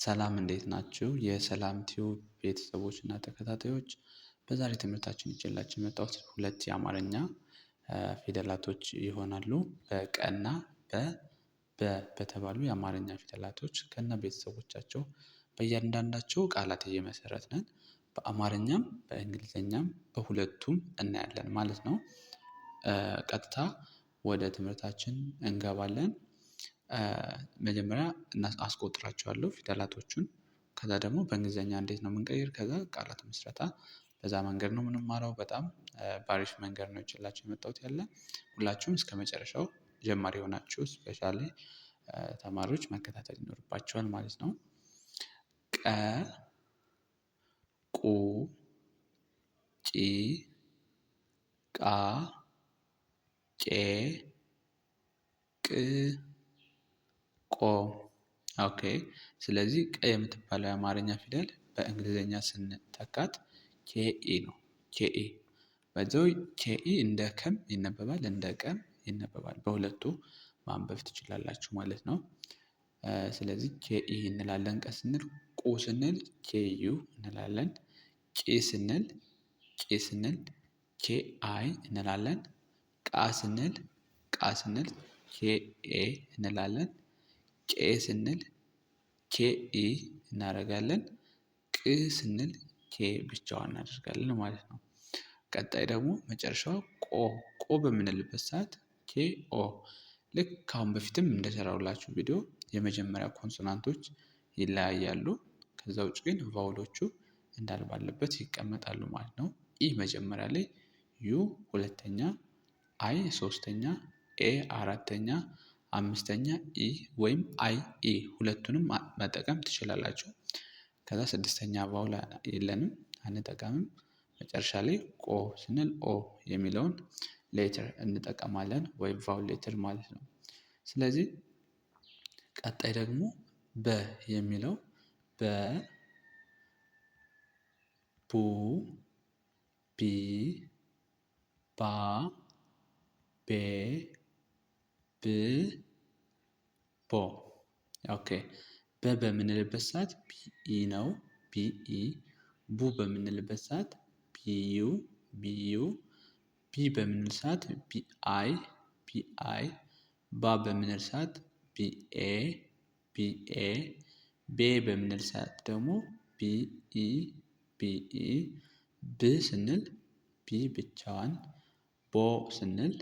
ሰላም እንዴት ናችሁ? የሰላም ቲዩብ ቤተሰቦች እና ተከታታዮች በዛሬ ትምህርታችን ይዤላችሁ የመጣሁት ሁለት የአማርኛ ፊደላቶች ይሆናሉ። በቀና በ በ በተባሉ የአማርኛ ፊደላቶች ከና ቤተሰቦቻቸው በእያንዳንዳቸው ቃላት ነን በአማርኛም በእንግሊዝኛም በሁለቱም እናያለን ማለት ነው። ቀጥታ ወደ ትምህርታችን እንገባለን። መጀመሪያ አስቆጥራቸዋለሁ ፊደላቶቹን ከዛ ደግሞ በእንግሊዘኛ እንዴት ነው ምንቀይር ከዛ ቃላት ምስረታ በዛ መንገድ ነው ምንማረው በጣም ባሪፍ መንገድ ነው ይችላቸው የመጣሁት ያለ ሁላችሁም መጨረሻው ጀማሪ የሆናችሁ ስፔሻሊ ተማሪዎች መከታተል ይኖርባቸዋል ማለት ነው። ቀ ቁ ጪ ቃ ቄ ቅ ቆ ኦኬ ስለዚህ ቀ የምትባለው የአማርኛ ፊደል በእንግሊዝኛ ስንተካት ኬኢ ነው። ኬኢ በዚው ኬኢ እንደ ከም ይነበባል፣ እንደ ቀም ይነበባል። በሁለቱ ማንበብ ትችላላችሁ ማለት ነው። ስለዚህ ኬኢ እንላለን። ቀ ስንል ቁ ስንል ኬዩ እንላለን። ቂ ስንል ቂ ስንል ኬአይ እንላለን። ቃ ስንል ቃ ስንል ኬኤ እንላለን። ቄ ስንል ኬ ኢ እናደርጋለን። ቅ ስንል ኬ ብቻዋ እናደርጋለን ማለት ነው። ቀጣይ ደግሞ መጨረሻው ቆ ቆ በምንልበት ሰዓት ኬ ኦ ልክ ካሁን በፊትም እንደሰራሁላችሁ ቪዲዮ የመጀመሪያ ኮንሶናንቶች ይለያያሉ። ከዛ ውጭ ግን ቫውሎቹ እንዳልባለበት ይቀመጣሉ ማለት ነው። ኢ መጀመሪያ ላይ፣ ዩ ሁለተኛ፣ አይ ሶስተኛ፣ ኤ አራተኛ አምስተኛ ኢ ወይም አይ ኤ ሁለቱንም መጠቀም ትችላላችሁ። ከዛ ስድስተኛ ቫውል የለንም አንጠቀምም። መጨረሻ ላይ ቆ ስንል ኦ የሚለውን ሌተር እንጠቀማለን ወይም ቫውል ሌተር ማለት ነው። ስለዚህ ቀጣይ ደግሞ በ የሚለው በ ቡ ቢ ባ ቤ ብ ቦ ኦኬ። በ በምንልበት ሰዓት ቢኢ ነው ቢኢ። ቡ በምንልበት ሰዓት ቢዩ ቢዩ። ቢ በምንል ሰዓት ቢአይ ቢአይ። ባ በምንል ሰዓት ቢኤ ቢኤ። ቤ በምንል ሰዓት ደግሞ ቢኢ ኢ ብ ስንል ቢ ብቻዋን። ቦ ስንል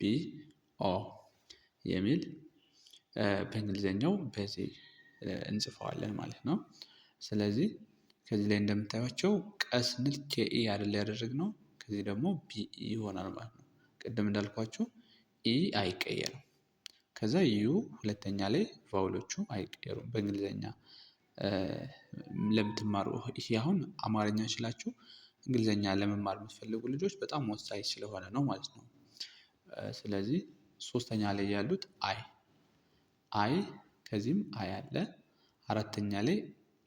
ቢ ኦ የሚል በእንግሊዘኛው በዚህ እንጽፈዋለን ማለት ነው። ስለዚህ ከዚህ ላይ እንደምታዩቸው ቀስንል ኬኢ አይደል ነው። ከዚህ ደግሞ ቢኢ ይሆናል ማለት ነው። ቅድም እንዳልኳችሁ ኢ አይቀየርም። ከዛ ዩ ሁለተኛ ላይ ቫውሎቹ አይቀየሩም። በእንግሊዘኛ ለምትማሩ ይህ አሁን አማርኛ ችላችሁ እንግሊዘኛ ለመማር የምትፈልጉ ልጆች በጣም ወሳኝ ስለሆነ ነው ማለት ነው። ስለዚህ ሶስተኛ ላይ ያሉት አይ አይ ከዚህም አይ አለ። አራተኛ ላይ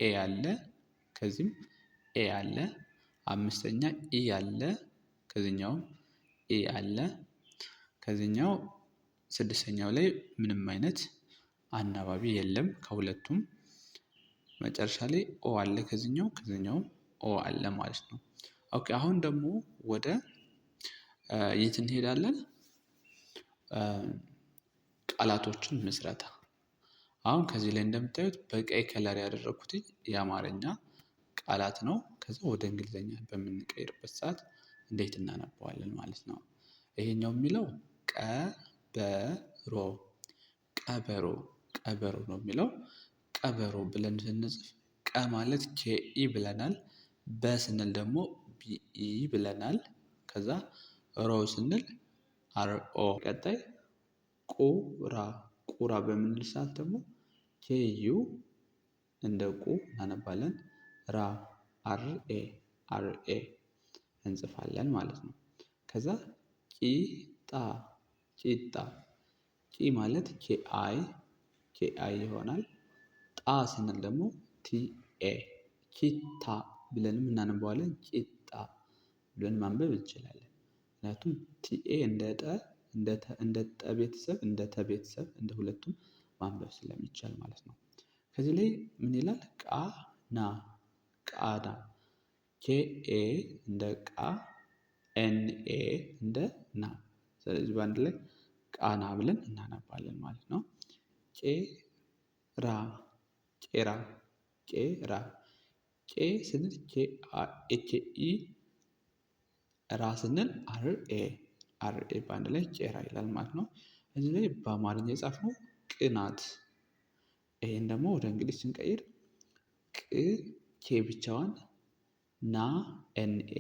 ኤ አለ። ከዚህም ኤ አለ። አምስተኛ ኢ አለ። ከዚህኛውም ኤ አለ። ከዚህኛው ስድስተኛው ላይ ምንም አይነት አናባቢ የለም ከሁለቱም። መጨረሻ ላይ ኦ አለ ከዚህኛው ከዚህኛውም ኦ አለ ማለት ነው። ኦኬ አሁን ደግሞ ወደ የት እንሄዳለን? ቃላቶችን ምስረታ አሁን ከዚህ ላይ እንደምታዩት በቀይ ከለር ያደረኩት የአማርኛ ቃላት ነው። ከዛ ወደ እንግሊዘኛ በምንቀይርበት ሰዓት እንዴት እናነበዋለን ማለት ነው። ይሄኛው የሚለው ቀበሮ ቀበሮ ቀበሮ ነው የሚለው ቀበሮ ብለን ስንጽፍ ቀ ማለት ኬኢ ብለናል። በ ስንል ደግሞ ቢኢ ብለናል። ከዛ ሮ ስንል አርኦ። ቀጣይ ቁራ ቁራ በምንል ሰዓት ደግሞ ኬዩ እንደ ቁ እናነባለን። ራ አርኤ አርኤ እንጽፋለን ማለት ነው። ከዛ ቂጣ ቂጣ ቂ ማለት ኬአይ ኬአይ ይሆናል። ጣ ስንል ደግሞ ቲኤ ኪታ ብለንም እናነባዋለን። ቂጣ ብለን ማንበብ እንችላለን። ምክንያቱም ቲኤ እንደ ጠ እንደ ጠ ቤተሰብ እንደ ተ ቤተሰብ እንደ ሁለቱም ማንበብ ስለሚቻል ማለት ነው። ከዚህ ላይ ምን ይላል ቃና ቃና ኬኤ እንደ ቃ ኤንኤ እንደ ና ስለዚህ በአንድ ላይ ቃና ብለን እናነባለን ማለት ነው። ቄራ ቄራ ቄራ ቄ ስንል ኬ ኤ ኢ ራ ስንል አር ኤ አር ኤ በአንድ ላይ ቄራ ይላል ማለት ነው። እዚህ ላይ በአማርኛ የጻፍነው ቅናት። ይህን ደግሞ ወደ እንግሊዝ ስንቀይር ቅ ኬ ብቻዋን ና ኤንኤ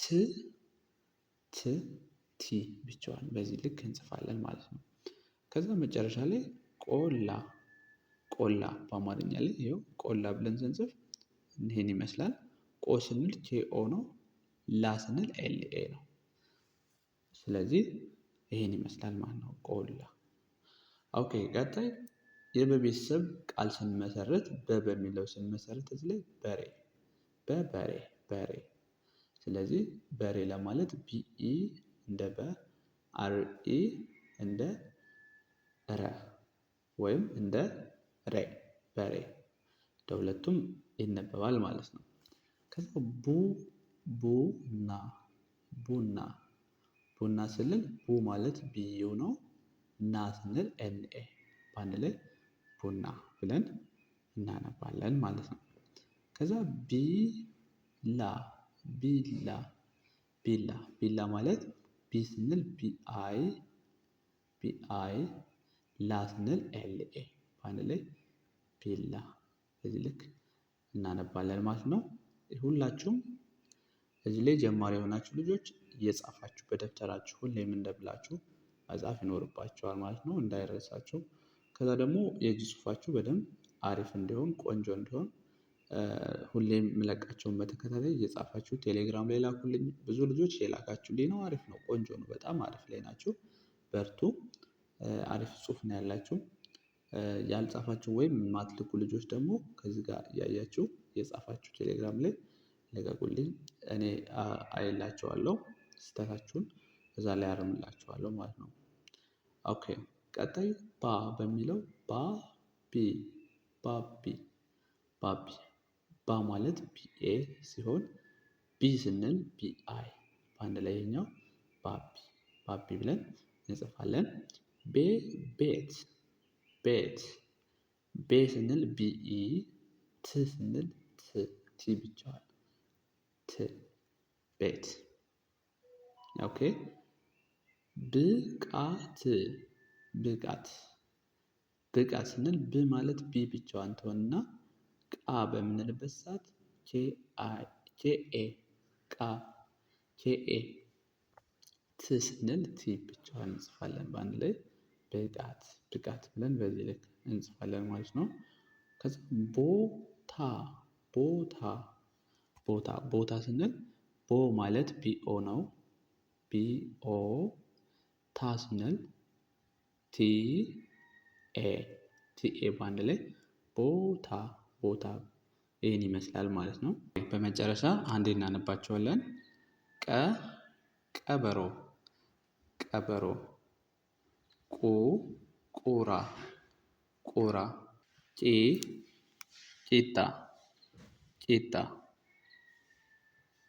ት ት ቲ ብቻዋን በዚህ ልክ እንጽፋለን ማለት ነው። ከዛ መጨረሻ ላይ ቆላ ቆላ በአማርኛ ላይ ይኸው ቆላ ብለን ስንጽፍ ይህን ይመስላል። ቆ ስንል ኬኦ ነው። ላ ስንል ኤልኤ ነው። ስለዚህ ይህን ይመስላል ማለት ነው። ቆላ ኦኬ። ቀጣይ የበቤተሰብ ቃል ስንመሰረት በ በሚለው እዚህ ላይ በሬ በበሬ በሬ። ስለዚህ በሬ ለማለት ቢኢ እንደ በ አርኢ እንደ ረ ወይም እንደ ሬ በሬ፣ ለሁለቱም ይነበባል ማለት ነው። ከዛ ቡ ቡና ቡና ቡና ስንል ቡ ማለት ቢዩ ነው። ና ስንል ኤንኤ በአንድ ላይ ቡና ብለን እናነባለን ማለት ነው። ከዛ ቢላ ቢላ ቢላ ቢላ ማለት ቢ ስንል ቢአይ ቢአይ ላ ስንል ኤልኤ በአንድ ላይ ቢላ በዚህ ልክ እናነባለን ማለት ነው። ሁላችሁም እዚህ ላይ ጀማሪ የሆናችሁ ልጆች እየጻፋችሁ በደብተራችሁ ሁሌም እንደብላችሁ መጻፍ ይኖርባችኋል ማለት ነው፣ እንዳይረሳችሁ። ከዛ ደግሞ የእጅ ጽሁፋችሁ በደንብ አሪፍ እንዲሆን ቆንጆ እንዲሆን ሁሌም የምለቃቸውን በተከታታይ እየጻፋችሁ ቴሌግራም ላይ ላኩልኝ። ብዙ ልጆች የላካችሁልኝ ነው። አሪፍ ነው፣ ቆንጆ ነው። በጣም አሪፍ ላይ ናችሁ። በርቱ። አሪፍ ጽሁፍ ነው ያላችሁ። ያልጻፋችሁ ወይም የማትልኩ ልጆች ደግሞ ከዚህ ጋር እያያችሁ እየጻፋችሁ ቴሌግራም ላይ ልቀቁልኝ፣ እኔ አይላቸዋለሁ ስህተታችሁን እዛ ላይ አርምላቸዋለሁ ማለት ነው። ኦኬ ቀጣይ ባ በሚለው ባቢ ቢ ባቢ ባቢ ባ ማለት ቢኤ ሲሆን ቢ ስንል ቢአይ በአንድ ላይ ይሄኛው ባቢ ባቢ ብለን እንጽፋለን። ቤ ቤት ቤት ቤ ስንል ቢኢ ት ስንል ት ቲ ብቻዋል ቤት ኦኬ። ብቃት ብቃት ብቃት ስንል ብ ማለት ቢ ብቻዋን ትሆንና ቃ በምንልበት ሰዓት ኬ ኤ ቃ ት ስንል ቲ ብቻዋን እንጽፋለን። በአንድ ላይ ብቃት ብቃት ብለን በዚህ ልክ እንጽፋለን ማለት ነው። ከዛ ቦታ ቦታ ቦታ ቦታ ስንል ቦ ማለት ቢኦ ነው። ቢኦ ታ ስንል ቲኤ ቲኤ በአንድ ላይ ቦታ ቦታ ይህን ይመስላል ማለት ነው። በመጨረሻ አንዴ እናነባቸዋለን። ቀ ቀበሮ ቀበሮ ቁ ቁራ ቁራ ቂ ቂጣ ቂጣ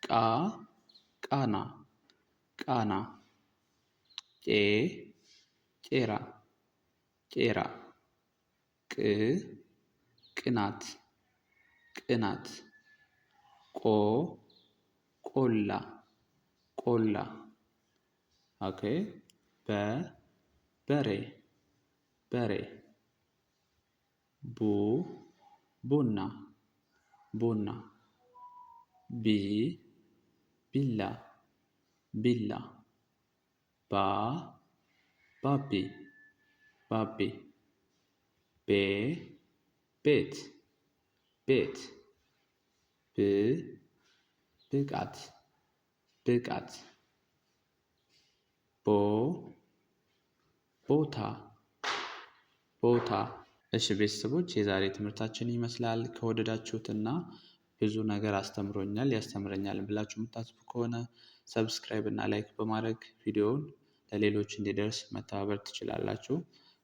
ቃ ቃና ቃና ቄ ቄራ ቄራ ቅ ቅናት ቅናት ቆ ቆላ ቆላ ኦኬ በ በሬ በሬ ቡ ቡና ቡና ቢ ቢላ ቢላ ባ ባቤ ባቤ ቤ ቤት ቤት ብ ብቃት ብቃት ቦ ቦታ ቦታ እሺ ቤተሰቦች የዛሬ ትምህርታችን ይመስላል ከወደዳችሁትና ብዙ ነገር አስተምሮኛል ያስተምረኛል ብላችሁ የምታስቡ ከሆነ ሰብስክራይብ እና ላይክ በማድረግ ቪዲዮውን ለሌሎች እንዲደርስ መተባበር ትችላላችሁ።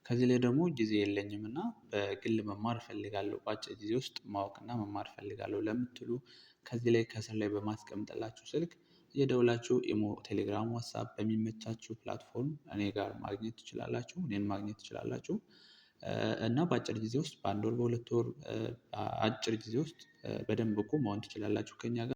ከዚህ ላይ ደግሞ ጊዜ የለኝም እና በግል መማር እፈልጋለሁ በአጭር ጊዜ ውስጥ ማወቅና መማር እፈልጋለሁ ለምትሉ ከዚህ ላይ ከስር ላይ በማስቀምጥላችሁ ስልክ የደውላችሁ ኢሞ፣ ቴሌግራም፣ ዋትሳፕ በሚመቻችሁ ፕላትፎርም እኔ ጋር ማግኘት ትችላላችሁ እኔን ማግኘት ትችላላችሁ እና በአጭር ጊዜ ውስጥ በአንድ ወር በሁለት ወር አጭር ጊዜ ውስጥ በደንብ እኮ መሆን ትችላላችሁ ከኛ ጋር